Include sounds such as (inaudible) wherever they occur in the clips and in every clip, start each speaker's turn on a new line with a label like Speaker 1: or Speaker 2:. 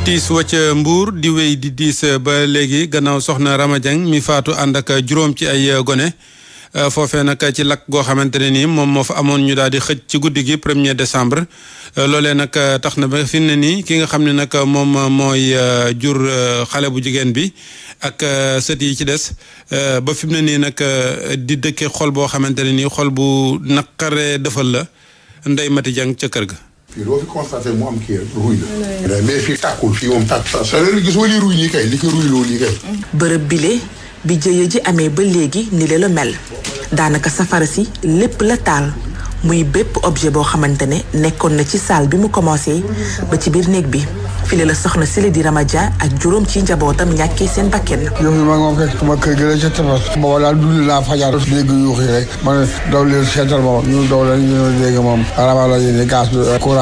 Speaker 1: tiis wacc mbuur di wéy di diis ba léegi gannaaw soxna Rama Dieng mi faatu ànd ak juróom ci ay gone euh, foofee nag ci lakk goo xamante ne nii moom moo fa amoon ñu daal di xëj ci guddi gi premier décembre euh, loolee nag euh, tax na ba fi ne nii ki nga xam ne nag moom mooy jur xale bu jigéen bi ak sët yi ci des ba fi mu ne nii nag di dëkke xol boo xamante ne nii xol bu naqaree defal la
Speaker 2: ndey Mati Dieng ca kër ga fii doo fi constaté
Speaker 3: bërëb bile bi jëye ji amee ba léegi ni le la mel daanaka safara si lépp la taal muy bépp objet boo xamante ne nekkoon na ci saal bi mu commencé ba ci biir néeg bi. file la soxna Sile di Ramadia ak juróom ci njabootam ñàkkee seen bakken.
Speaker 2: yow yi ma ngi ma fekk sama kër gi la ca tabas. booba daal dund naa fajar léegi yuux yi rek ma ne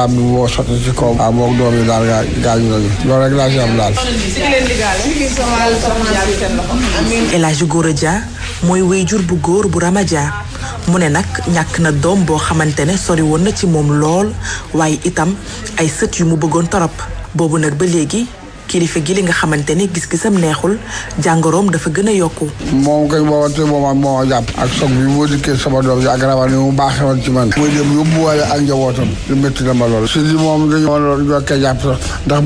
Speaker 2: euh, moo sotti ci kaw ah moom doom yi daal gaa gaañu nañu loolu rek laa si am daal.
Speaker 3: bu góor bu Ramadia mu ne nag ñàkk na doom boo xamante ne sori na ci moom lool waaye itam ay sët yu mu bëggoon torop boobu nag ba
Speaker 2: léegi kilifa gi li nga xamante ni gis-gisam neexul jàngoroom dafa gën a yokku. moom kay boobante moom moo jàpp. ak soog bi moo dikkee sama doom ji ak mu baaxee woon ci man. muy dem yóbbuwaale na ma lool. su di moom dañu woon ñoo koy jàpp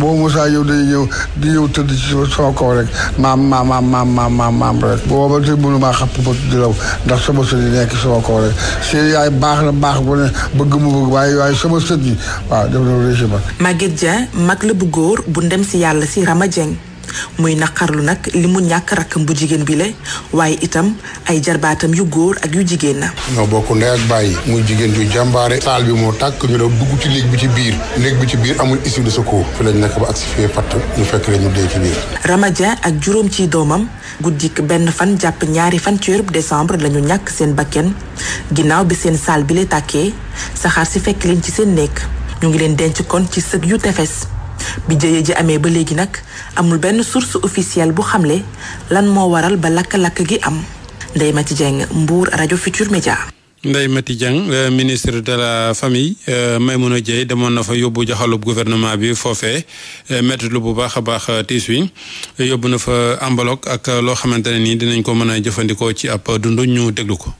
Speaker 2: boo Moussa ñëw day ñëw di ñëw tëdd ci sama kaw rek maam maam maam maam maam maam maam rek. boobante mënu maa xapp ba di law ndax sama sët yi nekk sama kaw rek seen yaay baax na baax bu ne bëgg mu bëgg waaye waaye sama sët yi waaw def na régime. Maguette Dia mag la bu góor bu
Speaker 3: ndem si yàlla ci Rama Dieng muy naqarlu nag li mu ñàkk rakkam bu jigéen bi la waaye itam ay jarbaatam yu góor ak yu jigéen na
Speaker 2: ñoo bokk ndey ak bàyyi muy jigéen yu jàmbaare saal bi moo tàkk ñu daw
Speaker 4: dugg ci néeg bi ci biir néeg bi ci biir amul issue de secours fi lañ nekk ba agsi fee ñu fekk leen ñu dee ci biir
Speaker 3: Ramadien ak juróom ci doomam guddik benn fan jàpp ñaari fan ci weerub la ñu ñàkk seen bakken ginnaaw bi seen saal bi la tàkkee saxaar si fekk leen ci seen nekk ñu ngi leen denc kon ci sëg yu tefes bi jëye ji amee ba léegi nag amul benn source officielle bu xamle lan moo waral ba lakk-lakk gi am Ndeye Mati Dieng Mbour rajo Futur Média.
Speaker 1: Ndeye Mati Dieng euh, ministre de la famille euh, Maimouna Dièye demoon na fa yóbbu jaxalub gouvernement bi foofee euh, métti lu bu baax a baax tiis wi yóbbu na fa ambaloog ak loo xamante ne nii dinañ ko mën a jëfandikoo ci app dund ñu déglu ko.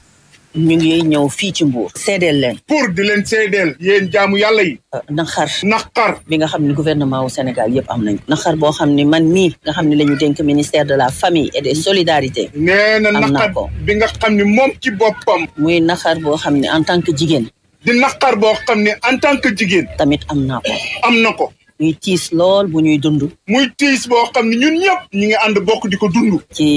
Speaker 5: ñu ngi ñëw fii ci Mbour. seedeel leen. pour di leen seedeel. yéen jaamu yàlla yi. Euh, naqar naqar. bi nga xam ne gouvernement wu Sénégal yëpp am nañu. naqar boo xam ni man mii nga xam ni la ñu dénk ministère de la famille et des solidarité nee na naqar bi nga xam ni moom ci boppam. muy naqar boo xam ne en tant que jigéen. di naqar boo xam ne en tant que jigéen. tamit am naa ko. am na ko. muy tiis lool bu ñuy dund. muy tiis boo xam ne ñun ñëpp ñu ngi ànd bokk di ko dund. ci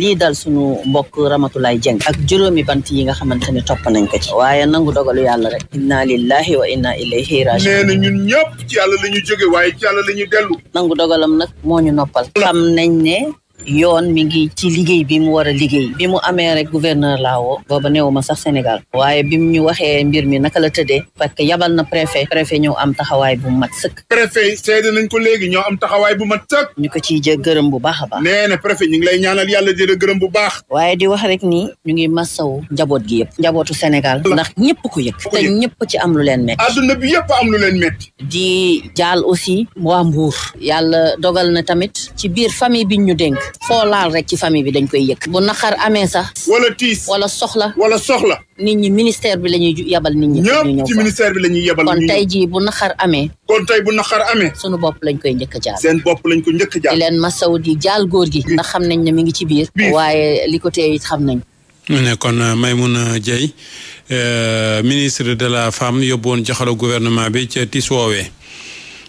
Speaker 5: lii dal sunu mbokk Ramatoulaye Dieng. ak juróomi bant yi nga xamante ne topp nañ ko ci. waaye nangu dogalu yàlla rek. inna lillahi wa inna ilayhi rajiun. nee na
Speaker 4: ñun ñëpp ci yàlla la ñu jóge waaye ci yàlla la ñu dellu. nangu
Speaker 5: dogalam nag moo ñu noppal. xam nañ ne. yoon mi ngi ci liggéey bi mu war a liggéey bi mu amee rek gouverneur laa woo booba néew ma sax Sénégal waaye bi mu ñu waxee mbir mi naka la tëddee parce que yabal na préfet préfet ñëw am taxawaay bu mat sëkk
Speaker 4: préfet seede nañ ko léegi ñoo am
Speaker 5: taxawaay bu mat sëkk ñu ko ciy jë gërëm bu baax a baax nee na préfet ñu ngi lay ñaanal yàlla di la gërëm bu baax waaye di wax rek ni ñu ngi massaw njaboot gi yëpp njabootu Sénégal ndax ñëpp ku yëg te ñëpp ci am lu leen métti adduna bi yëpp am lu leen métti di jaal aussi waa Mbuur yàlla dogal ci biir famille bi ñu dénk foo laal rek ci famille bi dañ koy yëg bu naqar amee sax wala tiis wala soxla wala soxla nit ñi ministère bi lañuy ñuy yebal nit ñi ñëpp ci ministère bi la ñuy yebal kon tey ji bu naqar amee kon tey bu naqar amee sunu bopp lañ koy njëkk a jaal seen bopp lañ ko njëkk a jaal di leen masaw di jaal góor gi ndax xam nañ ne mi ngi ci biir waaye li ko tee xam nañ
Speaker 1: mu ne kon euh, Maymouna Dieye euh, ministre de la femme yóbbu woon jaxalo gouvernement bi ca tiis woowee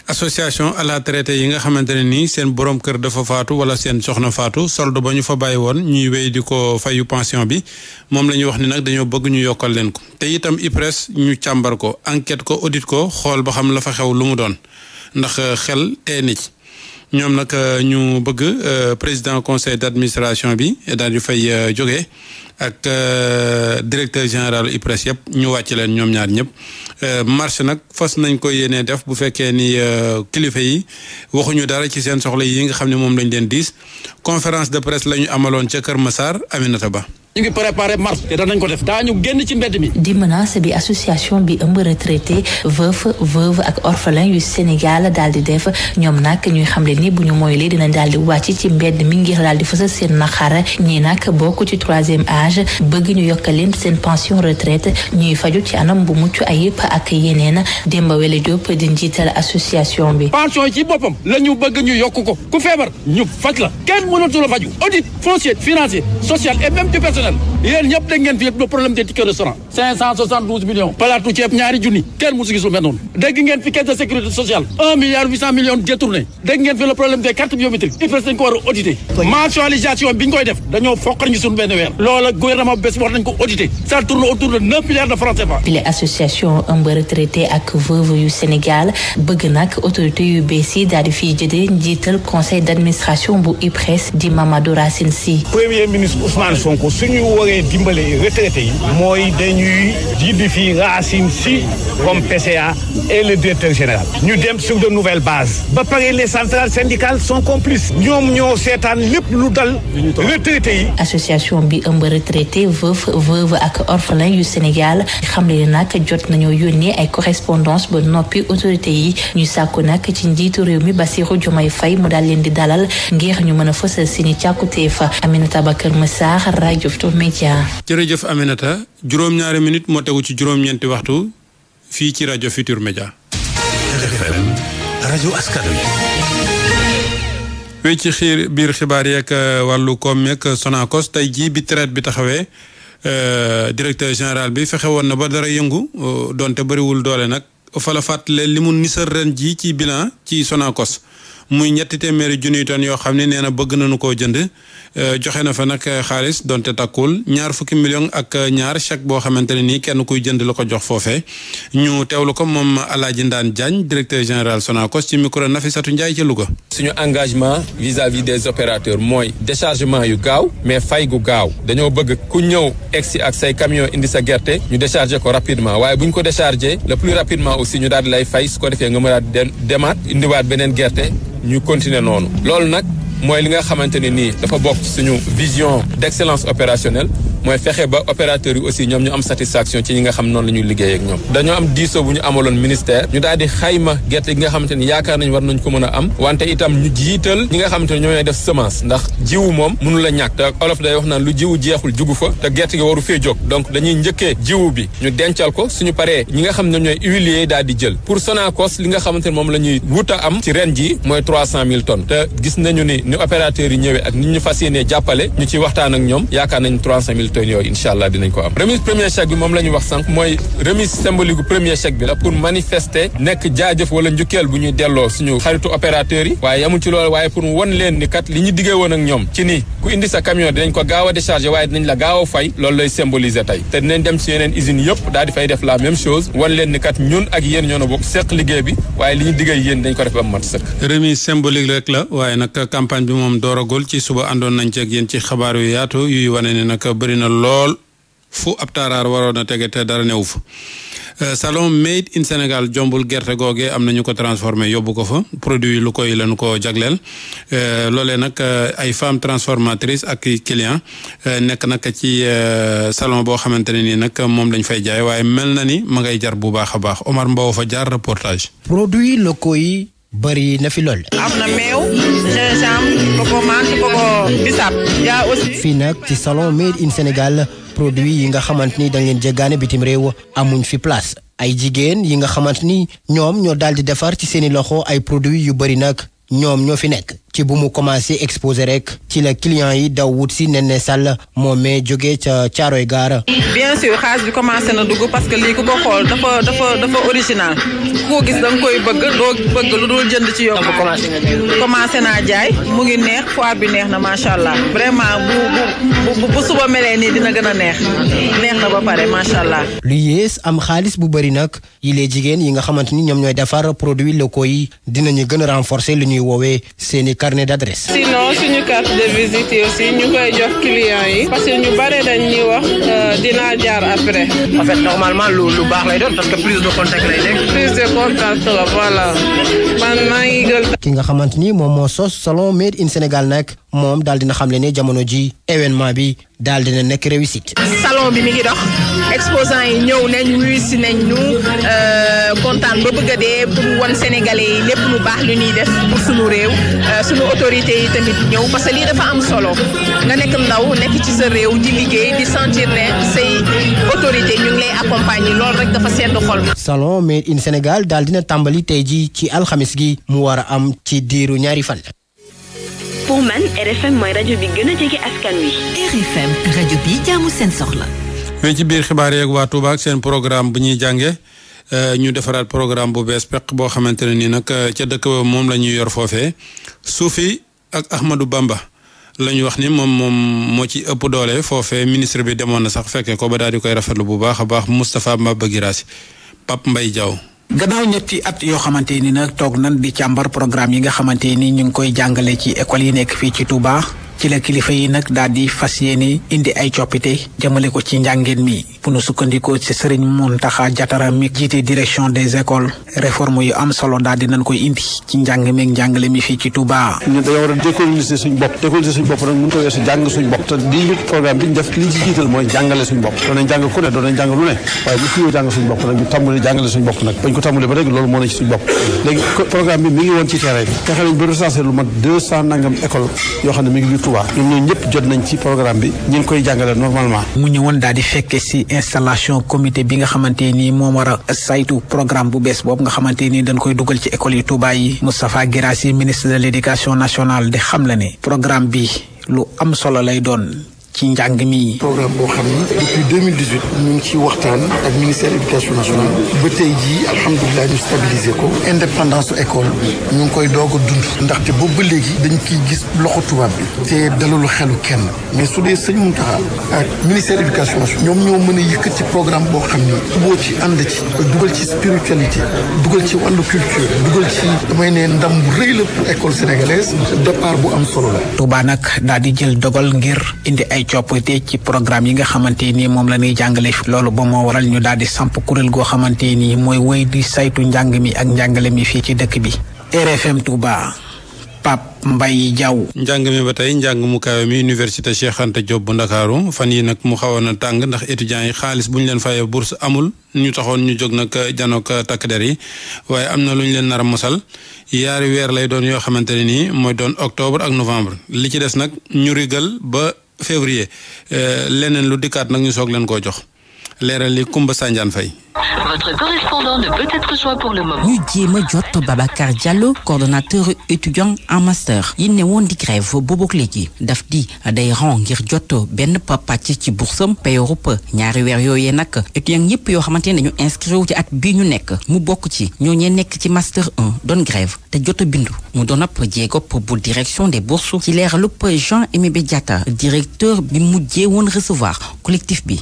Speaker 1: association à la traité yi nga xamante ne nii seen borom kër dafa faatu wala seen soxna faatu solde ba ñu fa bàyyi woon ñuy wéy di ko fayu pension bi moom la ñuy wax ni nag dañoo bëgg ñu yokkal leen ko te itam IPRES ñu càmbar ko enquête ko audit ko xool ba xam la fa xew lu mu doon ndax euh, xel te na ñoom nag euh, ñu bëgg euh, président conseil d'administration bi daal di fay jógee ak euh, directeur général IPRES yëpp ñu wàcc leen ñoom ñaar ñëpp euh, marche nag fas nañ ko yéenee def bu fekkee ni euh, kilifa yi waxuñu dara ci seen soxla yi nga xam ne moom lañ leen diis conférence de presse la ñu amaloon ca Kër Massar Aminata Ba. ñu ngi préparé marche te
Speaker 6: danañ ko def ñu génn ci mbedd mi. di menace bi association bi ëmb retraité veuf ak orphelin yu Sénégal daal di def ñoom nag ñuy xamle ni bu ñu mooy lii dinañ daal di wàcc ci mbedd mi ngir daal chômage bëgg ñu yokkaleen seen pension retraite ñuy faju ci anam bu mucc ayib ak yeneen Demba Wele Diop di njiital association bi.
Speaker 7: pension yi ci boppam la bëgg ñu
Speaker 1: yokk ku feebar ñu faj la kenn mënatu la faju audit foncier financier social et même du personnel yéen ñëpp dégg ngeen fi le problème des tickets restaurant 572 millions palaatu ceeb ñaari junni kenn mësu gisul mel noonu dégg ngeen fi caisse de sécurité sociale milliard 800 millions détourné dégg ngeen fi gouvernement bu bees bi war nañ ko auditer ça tourne autour de neuf milliards de francs CFA.
Speaker 6: bile association ëmb retraité ak veuve yu Sénégal bëgg nag autorité yu bees yi daal di fiy jëlee njiital conseil d' administration bu IPRES di Mamadou Racine Sy.
Speaker 8: premier ministre Ousmane Sonko suñu waree dimbale retraité yi. mooy dañuy jiddi fii Racine Sy comme PCA et le directeur général. ñu dem sur de nouvelles bases. ba pare les centrales syndicales sont complices. ñoom ñoo seetaan lépp
Speaker 6: association bi ëmb retraité veuf veuve ak orphelin yu Sénégal xam le nag jot nañoo yónnee ay correspondance ba noppi autorité yi ñu sàkku nag ci njiitu réew mi Bassirou Diomaye Faye mu daal leen di dalal ngir ñu mën a fësal seeni càkkutee fa Aminata Bakar Massar rajo Futurs Médias
Speaker 1: jërëjëf Aminata juróom-ñaari minute moo ci juróom waxtu fii ci rajo Futurs Médias wéy ci xiir biir xibaar yeeg euh, wàllu ko yeeg Sonacos tey jii bi traite bi taxawee euh, directeur général bi fexe woon na ba dara yëngu euh, donte bëriwul doole nag fala la fàttale li mu nisar ren ji ci bilan ci Sonacos muy ñetti téeméeri junniy tonnes yoo xam ne nee na bëgg nañu koo jënd Euh, joxe na fa nag euh, xaalis donte takkul ñaar fukki million ak euh, ñaar chèque boo xamante ne nii kenn kuy jënd la ko jox foofe ñu teewlu ko moom Alaaji Ndaan Diagne directeur général Sonacos ci micro Nafisatu Ndiaye ci Louga. suñu engagement vis-à-vis des opérateurs mooy déchargement yu gaaw mais fay gu gaaw dañoo
Speaker 7: bëgg ku ñëw egsi ak say camion indi sa gerte ñu déchargé ko rapidement waaye bu ñu ko déchargé le plus rapidement aussi ñu daal di lay fay su ko defee nga mën a demaat indiwaat beneen gerte ñu continuer noonu loolu nag. mooy li nga xamante ne nii dafa bokk suñu vision d'excellence opérationnelle mooy fexe ba opérateur yi aussi ñoom ñu am satisfaction ci ñi nga xam noonu la ñuy liggéey ak ñoom dañoo am diisoo bu ñu amaloon ministère ñu daal di xayma gerte gi nga xamante yaakaar nañ war nañ ko mën a am wante itam ñu ñi nga xamante ne ñoom ñooy def ndax jiwu moom mënu la ñàkk olof day wax naan lu jiwu jeexul jugu fa te gerte gi waru fee jóg donc dañuy njëkkee jiwu bi ñu dencal ko suñu paree ñi nga xam ne ñooy huiliers daal di jël pour Sonacos li nga xamante ne moom la ñuy wut am ci ren ji mooy trois cent mille ton te gis nañu ni ni opérateurs yi ñëwee ak ni ñu fas yéenee jàppale ñu ci waxtaan ak ñoom yaakaar nañ trois cent mille résultats yooyu incha allah dinañ ko am remise premier chèque bi moom la wax sànq mooy remise symbolique premier chèque bi la pour manifester nekk jaajëf wala njukkeel bu ñuy delloo suñu xaritu opérateurs yi waaye yamul ci loolu waaye pour won leen ni kat li ñu diggee woon ak ñoom ci ni ku indi sa camion dinañ ko gaaw décharger waaye dinañ la gaaw a fay lay symboliser tey te dinañ dem ci yeneen usines yëpp daal fay def la même chose won leen ni
Speaker 1: bari na lool fu ab taaraar waroon a te dara newu fa salon made in Sénégal jombul gerte googee am na ñu ko transformé yóbbu ko fa produit lu koy lanu ko jagleel loole nag ay femmes transformatrice ak client nekk nag ci salon boo xamante ne nii nag moom lañ fay jaay waaye mel na ni ma ngay jar bu baax a baax Omar Mbow fa jaar reportage.
Speaker 9: produit locaux yi bari na fi lool. am na meew. fii nag ci salon made in Sénégal produit yi nga xamante ni dañ leen jéggaane bitim réew amuñ fi place ay jigéen yi nga xamante ni ñoom ñoo daal di defar ci seeni loxo ay produits yu bëri nag ñoom ñoo fi nekk ci bu mu commencé exposé rek ci la client yi daw wut si Néné Sall moomee jógee ca Caaroy Gaara.
Speaker 5: bien sûr xaalis bi commencé na dugg parce que lii ku ko xool dafa original ku gis da koy bëgg doo bëgg lu dul jënd ci yow. commencé naa jaay mu ngi neex foire bi neex na macha allah vraiment bu bu bu suba melee nii dina gën a neex neex na ba pare macha allah.
Speaker 9: lu yées am xaalis bu bëri nag yilee jigéen yi nga xamante ni ñoom ñooy defar produit locaux yi carnet
Speaker 3: sinon suñu carte de visite yi ñu koy jox client yi. parce ñu bare dañ wax euh, dinaa jaar après. en lu baax lay doon parce que de
Speaker 9: contact lay
Speaker 2: de contact
Speaker 9: ki nga xamante ni moom moo sos moom daal dina xamle jamono ji événement bi daal dina nekk euh,
Speaker 3: ba bëgg a pour won sénégalais yi lépp lu baax lu ñuy def pour suñu réew. Euh, sunu autorité yi tamit ñëw parce que lii dafa am solo nga nekk ndaw nekk ci sa réew di liggéey di sentir ne say autorité ñu lay accompagner loolu rek dafa sedd xol. salon
Speaker 9: made in Sénégal daal dina tàmbali tey jii ci alxamis gi mu war a am ci diiru ñaari fan.
Speaker 6: pour man RFM mooy rajo bi gën jege askan wi. RFM rajo
Speaker 5: bi jaamu seen soxla.
Speaker 1: mais ci biir xibaar yeeg waa Touba ak seen programme bu ñuy jàngee. Euh, ñu defaraat programme bu bees peq boo xamante ne nii nag euh, ca dëkk ba moom la ñuy yor foofe suufi ak Ahmadou Bamba la ñu wax ni moom moom moo ci ëpp doole foofee ministre bi demoon na sax fekkee ko ba daal di koy rafetlu bu baax a baax Moustapha Maba Guirassy Pape mbay Diaw
Speaker 8: gannaaw ñetti at yoo xamante ni nag toog nan di càmbar programme yi nga xamante nii ñu ngi koy jàngale ci école yi nekk fii ci Touba ci la kilifa yi nag daal di fas yéene indi ay coppite jëmale ko ci njàngeen mi bu a
Speaker 1: suñ bopp doon nañ jàng ku ne doon nañ jàng lu ne waaye bu fiyo jàng suñ bopp nag ñu tàmbali ba rek loolu moo ne ci suñ bopp léegi programme bi mi ngi woon ci terrain bi fexe nañ ba lu mat nangam école yoo xam ne mi ngi biir Touba ñoom ñëpp jot nañ ci programme bi ñu koy jàngale
Speaker 8: normalement installation comité bi nga xamante ni moom war a saytu programme bu bees boobu nga xamante nii dañ koy dugal ci école yi Touba yi Moustapha Guirassy ministre de l' éducation nationale di xam la ne programme bi lu am solo lay doon ci njàng mi.
Speaker 4: programme boo xam ni depuis 2018 ngi ci waxtaan ak ministère éducation nationale ba tey jii alhamdulilah ñu stabiliser ko indépendance école ñu ngi koy doog a dund ndaxte boobu ba léegi dañ kiy gis loxo tubaab bi te dalul xelu kenn mais su dee ak ministère éducation ñoom ñoo mën a programme boo xam ni ci ànd ci dugal ci spiritualité dugal ci wàllu culture dugal ci damay ne ndam bu rëy école sénégalaise départ bu am solo la.
Speaker 8: Touba nag daal di jël dogal ngir indi ay coppite ci programme yi nga xamante ni moom la ñuy jàngale fi loolu ba moo waral ñu daal di samp kuréel goo xamante ni mooy wéy di saytu njàng mi ak njàngale mi fii ci dëkk bi. RFM Touba Pape Mbaye Diaw.
Speaker 1: njàng mi ba tey njàng mu kawe mi université Cheikh Anta Diop bu Ndakaaru fan yi nag mu xawoon a tàng ndax étudiants yi xaalis bu ñu leen fayee bourse amul ñu taxoon ñu jog nag janook takk der yi waaye am na lu ñu leen nar a mosal yaari weer lay doon yoo xamante ne nii mooy doon octobre ak novembre février euh, leneen lu dikkaat nag ñu soog leen ko jox leeral li Kumba Sanjaan Faye
Speaker 4: Votre correspondant ne
Speaker 5: peut être joint pour le moment. ñu
Speaker 10: jéema jot Babacar Diallo coordonnateur étudiant en master yi ne woon di grève boobook léegi daf di day ron ngir jot benn pàcc ci bursam payorub ñaari weer yooyee nag étudiant ñëpp yoo xamante ne dañu inscrire ci at bii ñu nekk mu bokk ci ñoo ñooñee nekk ci master 1 doon grève te jot bindu mu doon ab jéegop bu direction des bourses ci leeralu Jean Emébé Diatta directeur bi mujjee woon recevoir collectif
Speaker 2: bi.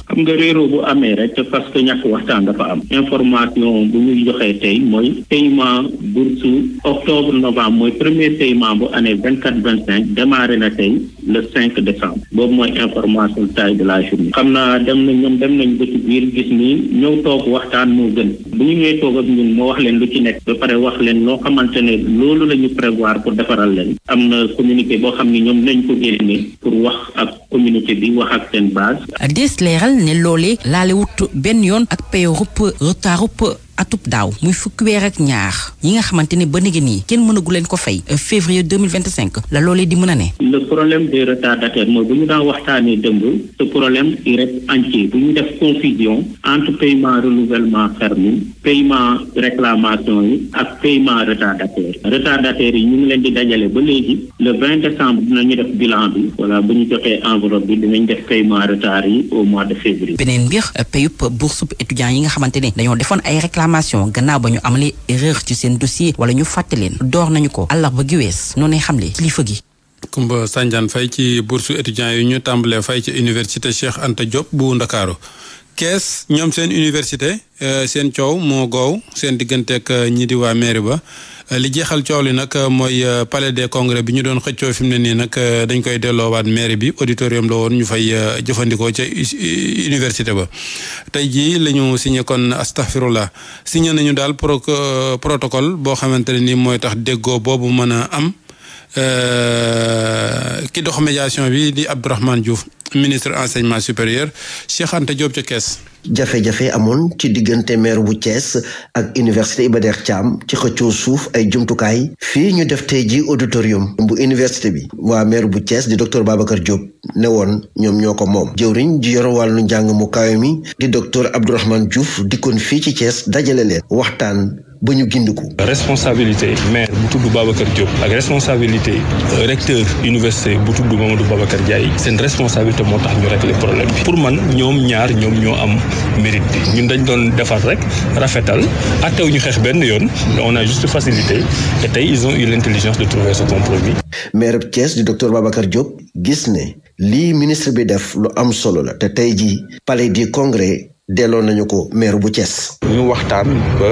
Speaker 2: am information bu ñuy joxee tey mooy paiement bourse octobre novembre mooy premier paiement vingt quatre vingt cinq démarré na tey le cinq décembre boobu mooy information taille de la journée xam naa dem nañ ñoom dem nañ ba ci biir gis ni ñëw toog waxtaan moo gën bu ñu ñëwee toog ak ñun moo wax leen lu ci nekk ba pare wax leen loo xamante ne loolu la ñu prévoir pour defaral leen am na communiqué boo xam ne ñoom nañ ko génne pour wax ak communauté bi wax ak seen base.
Speaker 10: des leeral ne loolee laale up, rota up atub daaw muy fukki ak ñaar yi nga xamante ne ba léegi nii kenn mënagu leen ko fay février 2025 la loolee di mën a ne.
Speaker 2: le problème des retardataires mooy bu ñu daan waxtaanee dëmb ce problème il reste entier bu ñu def confusion entre paiement renouvellement ferme paiement réclamation yi ak paiement retardataire yi ñu ngi leen di dajale ba léegi le 20 décembre dinañu def bilan bi voilà bu ñu jotee enveloppe bi dinañ def paiement retard
Speaker 10: yi au mois de février. beneen mbir yi nga xamante ne réclamation gannaaw ba ñu amalee erreur ci seen dossier wala ñu fàtte leen door nañu ko àllarba gi wees noonu xamle kilifa gi.
Speaker 1: Kumba Sanjaan fay ci boursu étudiants yi ñu tàmbalee fay ci université Cheikh Anta Diop bu Ndakaaru. kees ñoom seen université euh, seen coow moo goow seen diggantek euh, ñi di waa mairie ba euh, li jeexal coow li nag mooy palais des congrès bi ñu doon xëccoo fi mu ne nii nag dañ koy delloowaat mairie bi auditorium la woon ñu fay jëfandikoo ca université ba tey jii lañu ñu signé kon astafirullah signé nañu daal pro protocole boo xamante ne nii mooy tax déggoo boobu mën a am ki dox médiation bi di Abdourahmane Diouf ministre enseignement supérieur Cheikh Anta Diop ca Kees.
Speaker 11: jafe-jafe amoon ci diggante maire bu Thiès ak université Iba Der Thiam ci xëccoo suuf ay jumtukaay fii ñu def tey ji auditorium bu université bi waa maire bu cees di docteur Babacar Diop ne woon ñoom ñoo ko moom jëwriñ ji yor nu njàng mu kawe mi di docteur Abdourahmane Diouf dikkoon fii ci cees dajale leen waxtaan ba ñu gindiku.
Speaker 7: responsabilité maire bu tudd Babacar Diop ak responsabilité euh, recteur université bu tudd Mamadou Babacar Diaye seen responsabilité moo tax ñu régler problème bi pour man ñoom ñaar ñoom ñoo am mérite bi ñun dañ doon defar rek rafetal attew ñu xeex benn yoon on a juste facilité et tey ils ont eu l'intelligence de trouver ce compromis.
Speaker 11: maire Thiès di docteur Babacar Diop gis ne lii ministre bi def lu am solo la te tey jii palais du congrès. delloo nañu ko maire bu Thiès. ñu waxtaan ba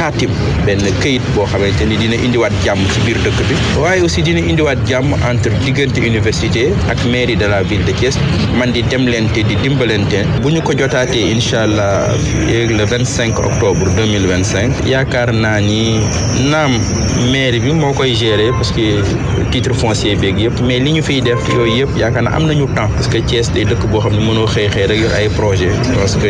Speaker 12: xaatim benn këyit boo xamante ni dina indiwaat jàmm fi biir dëkk bi waaye aussi dina indiwaat jàmm entre diggante université ak mairie de la ville de Thiès man di demlente di dimbalente bu ñu ko jotaatee incha allah le vingt cinq octobre deux mille vingt cinq yaakaar naa ni naam mairie bi moo koy gérer parce que titre foncier beeg yëpp mais li ñu fiy def yooyu yëpp yaakaar naa am nañu temps parce que Thiès day dëkk boo xam ne mënoo xëy xëy rek yor ay projet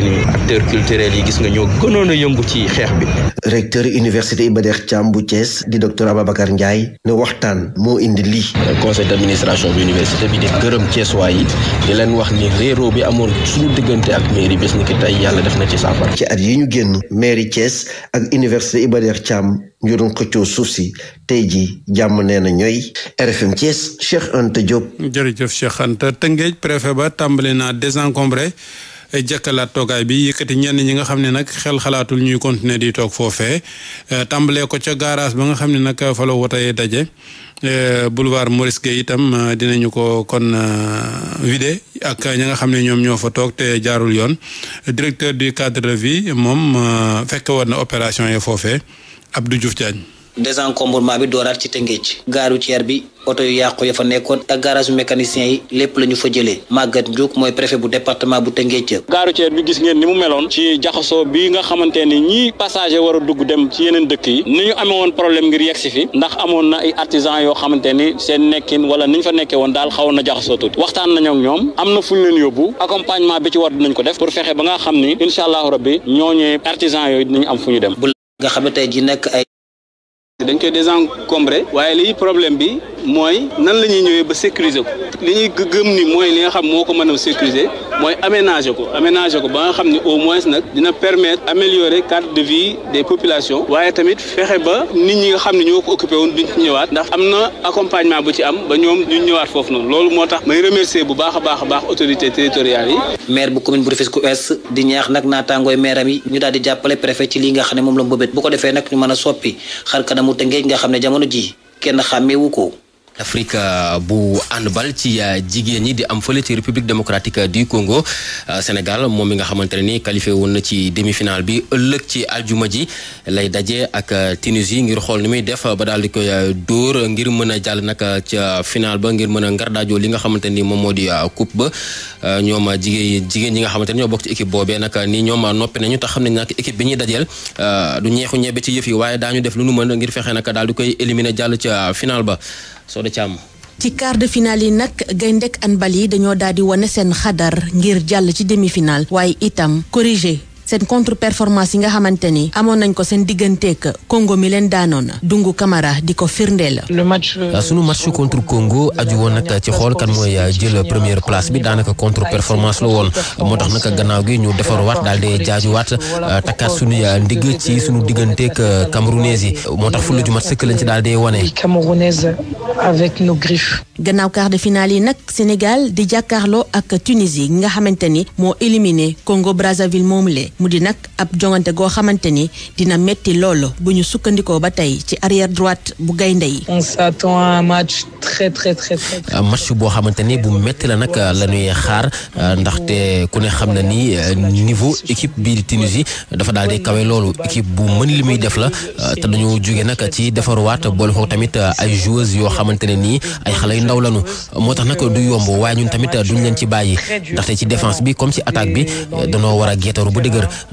Speaker 12: ni acteurs yi gis nga ñoo gënoon a yëngu ci xeex bi.
Speaker 11: recteur université Iba Der Thiam bu Thiès di docteur Ababacar Ndiaye ne waxtaan moo indi lii. conseil d'administration bu université bi di gërëm Thiessois yi di leen wax ni réeroo bi amoon suñu diggante ak mairie bés ni ki tey yàlla def na ci saafara. ci at yi ñu génn mairie Thiès ak université Iba Der Thiam ñu doon suuf si tey ji jàmm nee na ñooy RFM Thiès Cheikh Anta Diop.
Speaker 1: jërëjëf Cheikh Anta Tëngéej préfet ba tàmbali naa désencombré. jàkkalaat toogaay bi yëkkati ñenn ñi nga xam ne nag xel xalaatul ñuy continuer di toog foofee euh, tàmbalee ko ca garage ba nga xam ne nag fa la daje euh, boulevard Maurice Guèye itam euh, dinañu ko kon vidé ak ñi nga xam ne ñoom ñoo fa toog te jaarul yoon directeur du cadre de vie moom fekke woon na opération yi foofee Abdou Diouf Diagne
Speaker 9: désencombrement bi dooraat ci Tëngéej gare routière bi oto yu yàqu ya fa nekkoon ak garage mécanicien yi lépp la ñu fa jëlee Maguette Ndiouk mooy préfet bu département bu Tëngéej
Speaker 12: gare routière bi gis ngeen ni mu meloon ci jaxasoo bi nga xamante ni passager war dugg dem ci yeneen dëkk yi ni ñu amee woon problème ngir yegg si fi ndax amoon na ay artisan yoo xamante ni seen nekkin wala ni ñu fa nekkee woon daal xawoon na jaxasoo tuuti waxtaan nañu ak ñoom am na fu ñu leen yóbbu accompagnement bi ci def pour fexe ba nga xam ni incha allahu rabbi ñooñee artisan yooyu dinañ am fu ñu dem
Speaker 7: dañ koy désencombré waaye lii problème bi mooy nan la ñuy ñëwee ba sécuriser ko li ñuy gëm ni mooy li nga xam moo ko mën a sécuriser mooy aménagé ko aménager ko ba nga xam ne au moins nag dina permettre améliorer cadre de vie des populations waaye tamit fexe ba nit ñi nga xam ne ñoo ko occupé woon duñ ñëwaat ndax am na accompagnement bu ci am ba ñoom duñ ñëwaat foofu noonu loolu moo tax may remercier bu baax a baax a baax autorités territoriales yi.
Speaker 9: maire bu commune bu Rufisque Ouest di ñaax nag naataangooy ñu daal di jàppale préfet ci lii nga xam ne moom la mbëbët bu ko defee ñu mën a soppi xar kanamu Tëngéej nga xam ne jamono ji kenn xàmmeewu ko
Speaker 12: Afrique bu handball ci euh, jigéen ñi di am fële ci République démocratique du kongo euh, Sénégal moom mi nga xamante ne ni qualifié woon na ci demi-finale bi ëllëg ci aljuma ji lay dajee ak euh, Tunisie ngir xool ni muy def ba daal di koy dóor ngir mën a jàll nag ca finale ba ngir mën a ngardaajoo li nga xamante ni moom moo di coupe ba ñoom jigéen jigéen ñi nga xamante ne ñoo bokk ci équipe boobee nag ni ñoom noppi nañu tax xam nañ nag équipe bi ñuy dajeel du ñeexu ñebe ci yi waaye daañu def lu nu mën ngir fexe nag daal di koy éliminer jàll ca finale ba Soda Thiam.
Speaker 13: ci quart de finale yi nag gayndek anbal yi dañoo daal di wane seen xadar ngir jàll ci demi-finale waaye itam corrigé seen contre performance yi nga xamante ni amoon nañ ko seen digganteek Congo mi leen daanoon Dungu Kamara di ko firnde firndeel.
Speaker 12: Euh, ah, sunu match contre Congo aju woon nag ci xool kan mooy euh, jël première place bi daanaka contre performance la woon moo tax nag gannaaw gi ñu defarwaat daal di jaajuwaat euh, takkaat suñu ndigg ci sunu digganteek camerounaise yi moo tax fulla ju mat sëkk lañ ci daal di wane.
Speaker 13: gannaaw quart de finale yi nag Sénégal di jàkkaarloo ak Tunisie nga xamante ni moo éliminé Congo moom mu di nag ab jongante goo xamante ni dina metti loolu bu ñu sukkandikoo ba tey ci arrière droite bu gaynde yi. on s'attend à match
Speaker 12: boo xamante ni bu metti la nag la ñuy xaar ndaxte ku ne xam na ni niveau équipe bii di Tunisie dafa daal di kawe loolu équipe bu mën li muy def la te dañoo jóge nag ci defaruwaat boole ko tamit ay joueuses yoo xamante ne nii ay xale yu ndaw lañu moo tax nag du yomb waaye ñun tamit duñ leen ci bàyyi ndaxte ci défense bi comme ci attaque bi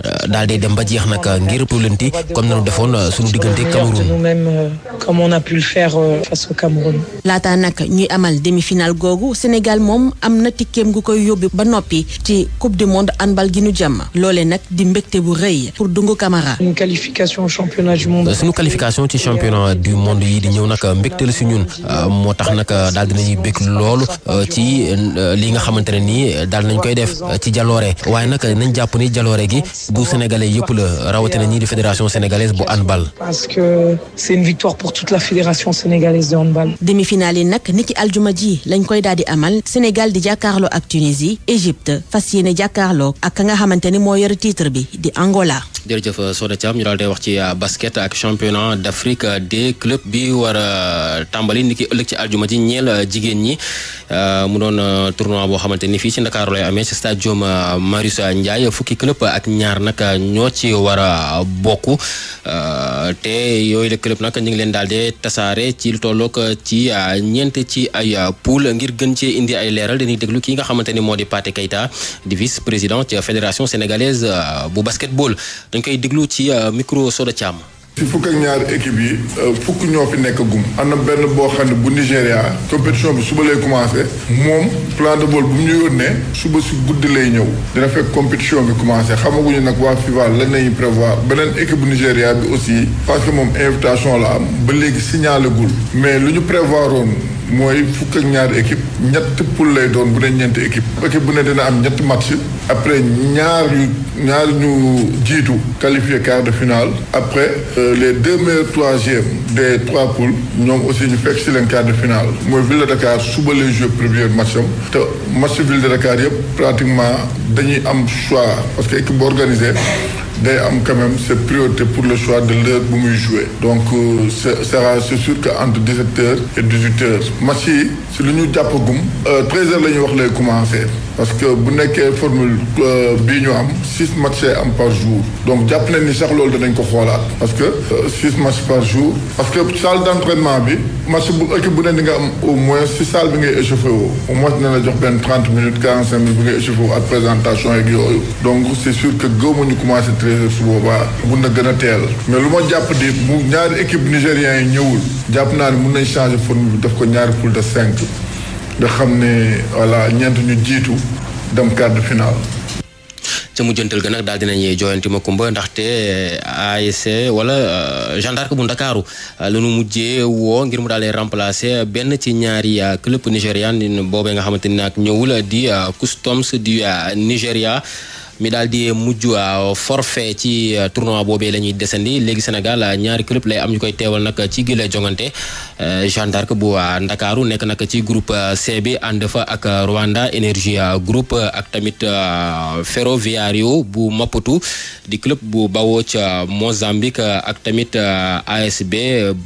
Speaker 12: Euh, daal day dem ba jeex nag euh, ngir tulanti comme nanu defoon euh, suñu diggante
Speaker 2: Cameroun.
Speaker 13: comme on a pu le faire laata nag ñuy amal demi-finale googu Sénégal moom am na tikkeem gu koy yóbbu ba noppi ci coupe du monde handball gi nu jàmm loolee nag di mbégte bu rëy pour Dungu Camara. une qualification
Speaker 2: championnat du
Speaker 12: suñu qualification ci championnat du monde yi di ñëw nag mbégte la si ñun moo tax nag daal dinañuy bég loolu ci li nga xamante ne nii daal nañ koy def ci jaloore waaye nag nañ jàpp ni jaloore gi du sénégalais yëpp la rawatina ñii di fédération sénégalaise bu handball.
Speaker 13: parce que c'est une victoire pour toute la fédération sénégalaise de handball. demi-finale yi nag niki aljuma ji lañ koy daal di amal Sénégal di jàkkaarloo ak Tunisie Égypte fas yéene jàkkaarloo ak ka nga xamante ni moo yor titre bi di Angola.
Speaker 12: jërëjëf euh, Soda Thiam ñu daal di wax ci euh, basket ak championnat d' Afrique euh, des clubs bi war a tàmbali ni ki ëllëg ci aljuma ji ñeel jigéen ñi mu doon tournoi boo xamante ni fii ci Ndakaaru lay amee ci stadium Marius Ndiaye fukki club ak ñaar nag ñoo ci war a bokk te yooyu la club nag ñu ngi leen daal di tasaare ci lu tollook ci ñeent ci ay poule ngir gën cee indi ay leeral dañuy déglu ki nga xamante ni moo di Pathé Keita di vice président ci fédération sénégalaise bu basketball. dañ koy déglu ci euh, micro Soda Thiam.
Speaker 4: ci fukk ak ñaari équipe yi euh, fukk ñoo fi nekk gum am na benn boo xam ne bu Nigéria compétition bi suba lay commencé moom plan de vol bu mu ñu yónnee suba si guddi lay ñëw dina fekk compétition bi commencé xamaguñu nag waa FIFA lan ñu prévoir beneen équipe bu Nigéria bi aussi parce que moom invitation la am ba léegi signalé gul mais lu ñu prévoiroon mooy fukk ak ñaari équipe ñett poule lay doon bu ne ñeenti équipe équipe bu ne dina am ñetti match après ñaar ñu ñaar ñu jiitu qualifié quart de finale après euh, les deux meilleurs troisième des trois poules ñoom aussi ñu fekk si leen quart de finale mooy Ville de Dakar suba lay joué premier match am te match Ville de Dakar yëpp pratiquement dañuy am choix parce que équipe organisée day am quand même ses priorités pour le choix de l'heure bu muy jouer donc euh, c'est sera c'est que entre dix-sept heures et dix-huit heures match yi si lu ñu jàppagum euh, treize heures la ñuy wax lay commencer parce que bu nekkee formule euh, bii ñu am six matchs am par jour donc jàpp nañ ni sax loolu danañ ko xoolaat parce que euh, six matchs par jour parce que salle d'entraînement bi match bu équipe bu ne nga am au moins si salle bi ngay échauffé woo au moins dina la jox benn trente minutes quarante cinq bi ngay échauffé woo ak présentation yeeg yooyu donc c'est sûr que gëwma ñu commencé treize heures su boobaa mun na gën a teel mais lu ma jàpp di mu ñaari équipe nigériens yi ñëwul jàpp naa ne mun nañ changer formule bi def ko ñaari poule de cinq nga xam ne voilà ñeent ñu jiitu dem quart de finale.
Speaker 12: ca mujjantal ga nag daal dinañuy jooyanti ma kumba ndaxte eh, ASC wala eh, gendarme bu ndakaaru eh, la nu mujjee woo ngir mu daal di remplacer benn ci ñaari club nigérian boobee nga xamante ni nag ñëwul di Customs du Nigéria. mi daal di mujj forfait ci euh, tournoi boobee la ñuy desandi léegi Sénégal euh, ñaari club lay am ñu koy teewal nag ci gile jongante euh, Jeanne d'Arc bu Ndakaaru nekk nag ci groupe C ànd fa ak Rwanda Energy groupe ak tamit Ferroviario bu Maputo di club bu bawoo ca Mozambique ak tamit ASB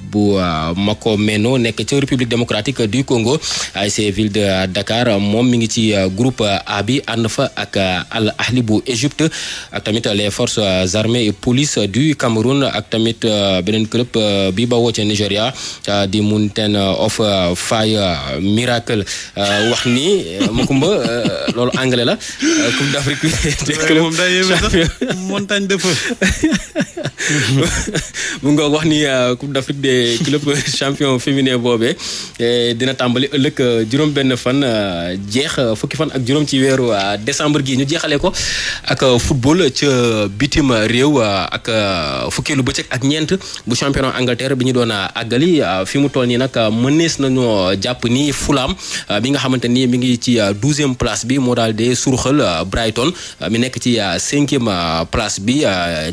Speaker 12: bu Makomeno nekk ca République démocratique du Congo ASC ville de Dakar moom mi ngi ci groupe A bi ànd fa ak Al Ahli bu bu Égypte ak tamit les forces euh, armées et police du Cameroun ak tamit euh, beneen club euh, bi ba ca Nigéria di Mountain of Fire Miracle wax ni Makumba loolu anglais la Coupe d'Afrique (laughs)
Speaker 1: de feu (laughs)
Speaker 12: mu nga wax ni Coupe d'Afrique des clubs champions féminins boobee dina tàmbali ëllëg juróom benn fan jeex fukki fan ak juróom ci weeru décembre gi ñu jeexale ko ak euh, football ca bitim réew euh, ak euh, fukkeelu bëccëg ak ñeent bu championnat Angleterre bi ñu doon àggali fi mu toll nii nag mënees nañoo jàpp ni Fulham bi nga xamante ni mi ngi ci douzième place bi moo daal de surxal Brighton mu nekk ci cinquième place bi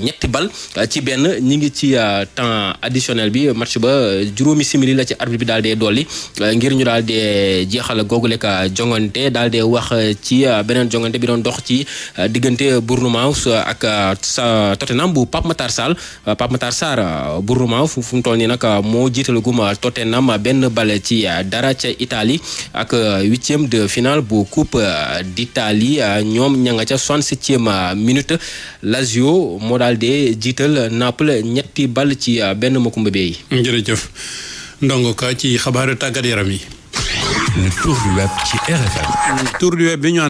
Speaker 12: ñetti bal ci benn ñu ngi ci temps additionnel bi match ba juróomi simili la ci arbitre bi daal dee dolli ngir ñu daal de jeexal googule ka jongante daal de wax ci beneen jongante bi doon dox ci digg diggante Bournemouth euh, ak euh, Tottenham bu Pape Matar Sarr euh, Pape Matar Sarr Bournemouth fu mu toll nii nag moo jiitalagum Tottenham benn bale ci dara ca Italie ak huitième de finale bu Coupe d'Italie ñoom ña nga ca son septième minute Lazio moo daal di jiital Naples ñetti bal ci benn makumba beey.
Speaker 1: jërëjëf ndongo ka ci xabaaru tàggat yaram yi. le tour du web ci
Speaker 12: RFM. tour du web bi ñu